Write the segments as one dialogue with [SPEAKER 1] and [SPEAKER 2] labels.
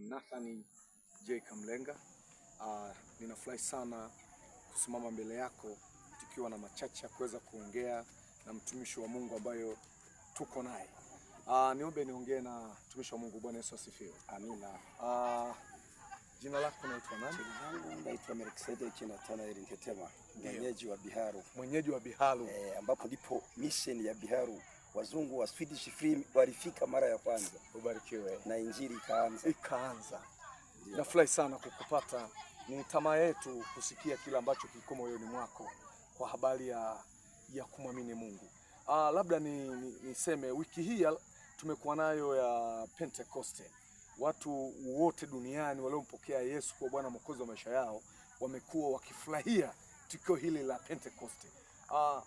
[SPEAKER 1] ni Nathan J. Kamlenga. Uh, ah, ninafurahi sana kusimama mbele yako tukiwa na machache ya kuweza kuongea na mtumishi wa Mungu ambayo tuko naye. Uh, niombe niongee na mtumishi wa Mungu. Bwana Yesu asifiwe. Amina. Uh, jina lako naitwa
[SPEAKER 2] nani? Naitwa Melkisedeki Natanaeli Ntetema, mwenyeji wa Biharu,
[SPEAKER 1] mwenyeji wa Biharu,
[SPEAKER 2] eh, ambapo ndipo mission ya Biharu wazungu wa Swedish Film walifika mara ya kwanza.
[SPEAKER 1] Ubarikiwe.
[SPEAKER 2] Na injili ikaanza.
[SPEAKER 1] Ikaanza. Nafurahi sana kukupata. Ni tamaa yetu kusikia kile ambacho kiko moyoni mwako kwa habari ya, ya kumwamini Mungu. Ah, labda niseme ni, wiki hii tumekuwa nayo ya pentekoste Watu wote duniani waliompokea Yesu kwa Bwana Mwokozi wa maisha yao wamekuwa wakifurahia tukio hili la pentekoste Ah,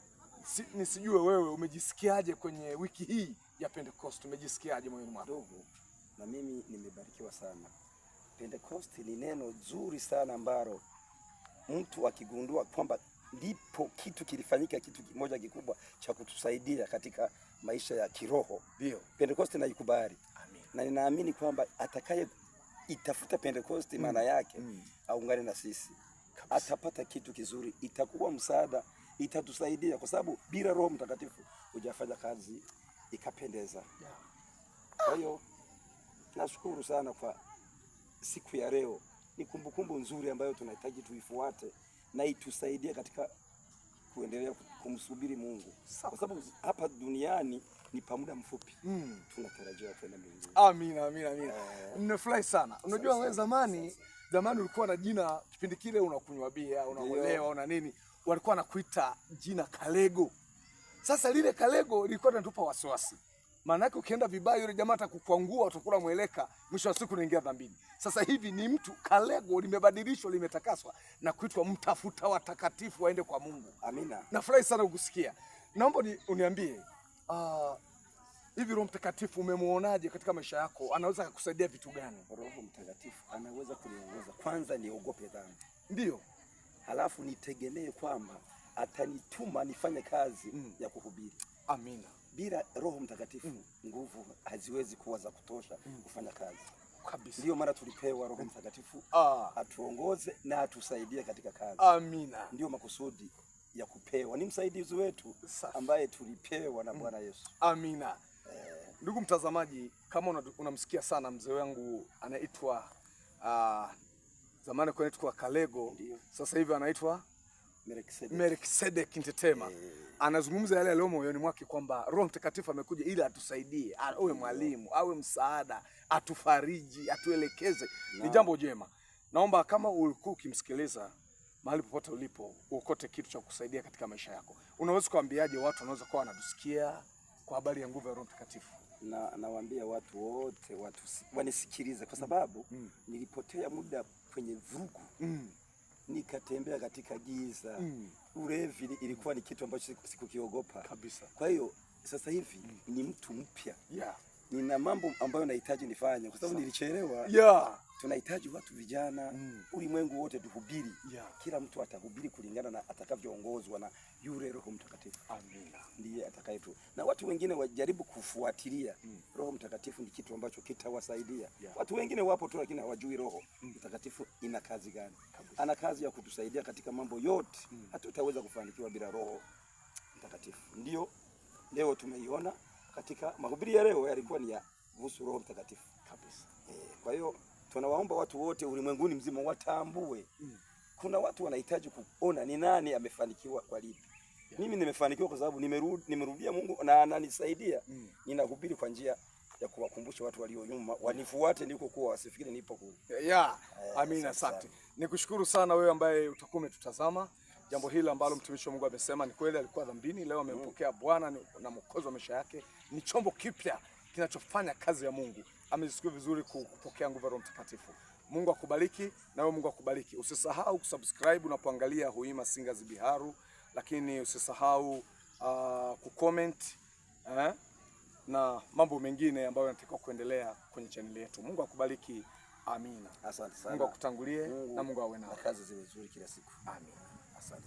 [SPEAKER 1] si, nisijue wewe umejisikiaje kwenye wiki hii ya Pentecost, umejisikiaje moyoni mwako? Ndugu,
[SPEAKER 2] na mimi nimebarikiwa sana. Pentecost ni neno zuri sana ambalo mtu akigundua kwamba ndipo kitu kilifanyika, kitu kimoja kikubwa cha kutusaidia katika maisha ya kiroho. Ndio Pentecost naikubali, na ninaamini kwamba atakaye itafuta Pentecost maana mm. yake mm. aungane na sisi Kapis. atapata kitu kizuri, itakuwa msaada itatusaidia kwa sababu bila Roho Mtakatifu hujafanya kazi ikapendeza. Kwa hiyo nashukuru sana kwa siku ya leo, ni kumbukumbu nzuri ambayo tunahitaji tuifuate na itusaidie katika kuendelea kumsubiri Mungu kwa sababu hapa duniani ni pa muda mfupi mm. Tunatarajia kwenda mbinguni.
[SPEAKER 1] Amina, amina, amina. Nimefurahi eh. sana. Unajua wewe zamani zamani ulikuwa na jina kipindi kile, unakunywa bia, unaolewa, una nini, walikuwa wanakuita jina Kalego. Sasa lile Kalego lilikuwa linatupa wasiwasi maana yake ukienda vibaya, yule jamaa atakukwangua, utakula mweleka, mwisho wa siku unaingia dhambini. Sasa hivi ni mtu kalego, limebadilishwa, limetakaswa na kuitwa mtafuta watakatifu waende kwa Mungu. Amina, nafurahi sana kukusikia. Naomba uniambie uh, hivi Roho Mtakatifu umemwonaje katika maisha yako? Anaweza kukusaidia vitu gani?
[SPEAKER 2] Roho Mtakatifu anaweza kuniongoza, kwanza niogope dhambi, ndio halafu nitegemee kwamba atanituma nifanye kazi mm. ya kuhubiri. Amina bila Roho Mtakatifu mm. nguvu haziwezi kuwa za kutosha mm. kufanya kazi kabisa. Ndio maana tulipewa Roho mm. Mtakatifu ah. atuongoze na atusaidie katika kazi.
[SPEAKER 1] Amina,
[SPEAKER 2] ndiyo makusudi ya kupewa, ni msaidizi wetu ambaye tulipewa na mm. Bwana Yesu.
[SPEAKER 1] Amina. Eh. Ndugu mtazamaji, kama unamsikia una sana mzee wangu anaitwa uh, zamani kwa Kalego, ndiyo. sasa hivi anaitwa Melkisedek Ntetema yeah. Anazungumza yale yaliyo moyoni mwake kwamba Roho Mtakatifu amekuja ili atusaidie, awe mm. mwalimu, awe msaada, atufariji, atuelekeze no. Ni jambo jema. Naomba kama ulikuwa ukimsikiliza mahali popote ulipo, uokote kitu cha kusaidia katika maisha yako. Unaweza kuambiaje watu wanaweza kuwa wanatusikia kwa habari ya nguvu ya Roho Mtakatifu?
[SPEAKER 2] Na nawaambia watu wote watu wanisikilize, kwa sababu mm. nilipotea muda kwenye vurugu mm nikatembea katika giza mm. Ulevi ilikuwa ni kitu ambacho sikukiogopa kabisa. Kwa hiyo sasa hivi mm. ni mtu mpya yeah. Nina mambo ambayo nahitaji nifanye kwa sababu nilichelewa yeah. Tunahitaji watu vijana mm. Ulimwengu wote tuhubiri yeah. Kila mtu atahubiri kulingana na atakavyoongozwa na yule Roho Mtakatifu. Amen madaraka yetu, na watu wengine wajaribu kufuatilia mm. Roho Mtakatifu ni kitu ambacho kitawasaidia yeah. Watu wengine wapo tu, lakini hawajui Roho mm. Mtakatifu ina kazi gani? Ana kazi ya kutusaidia katika mambo yote mm. Hatutaweza kufanikiwa bila Roho Mtakatifu. Ndio leo tumeiona katika mahubiri ya leo, yalikuwa ni ya kuhusu Roho Mtakatifu kabisa e. Kwa hiyo tunawaomba watu wote ulimwenguni mzima watambue mm. Kuna watu wanahitaji kuona ni nani amefanikiwa kwa lipi mimi nimefanikiwa kwa sababu nimerudi, nimerudia Mungu na ananisaidia. Mm. Ninahubiri kwa njia ya kuwakumbusha watu walio nyuma wanifuate niko nilikokuwa, wasifikiri nipo ku.
[SPEAKER 1] Yeah. yeah. Amina, asante. Nikushukuru sana wewe ambaye utakuwa umetutazama. Jambo hili ambalo mtumishi wa Mungu amesema ni kweli, alikuwa dhambini, leo amempokea mm. Bwana na mwokozi wa maisha yake. Ni chombo kipya kinachofanya kazi ya Mungu. Amejisikia vizuri kupokea nguvu ya Roho Mtakatifu. Mungu akubariki na wewe, Mungu akubariki. Usisahau kusubscribe unapoangalia Huima Singers Biharu lakini usisahau uh, kucomment eh, na mambo mengine ambayo yanatakiwa kuendelea kwenye chaneli yetu. Mungu akubariki. Amina. Asante sana. Mungu akutangulie na Mungu awe na
[SPEAKER 2] Kazi nzuri kila siku.
[SPEAKER 1] Amina. Asante.